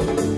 Thank you.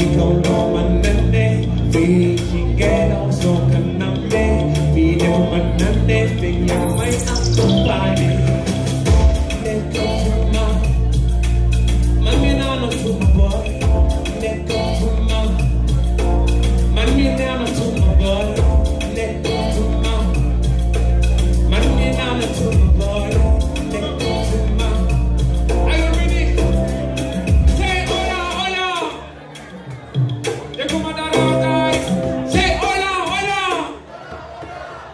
you don't know my name.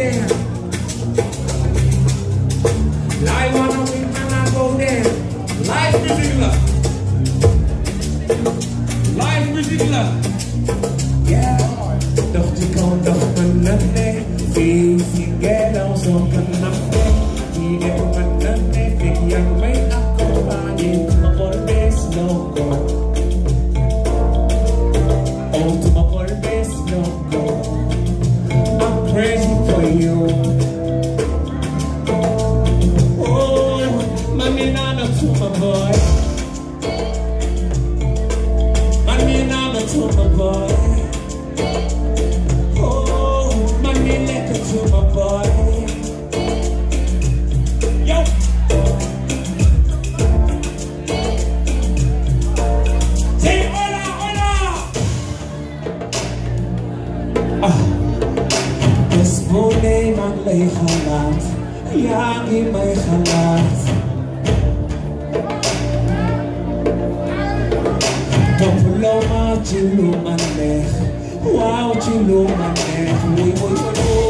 there. Life on the we cannot go there. Life music Life music Yeah. Don't you go, don't you love me. See, see, get on, so can I. me nana tuma boy. Man me nana tuma boy. Oh, man me leka tuma boy. Yo. Say hola, hola. Ah. This morning I'm late, I'm late. Yeah, I'm late, I'm late. topp loo ci lu ma neex waaw ci lu ma neex muy muy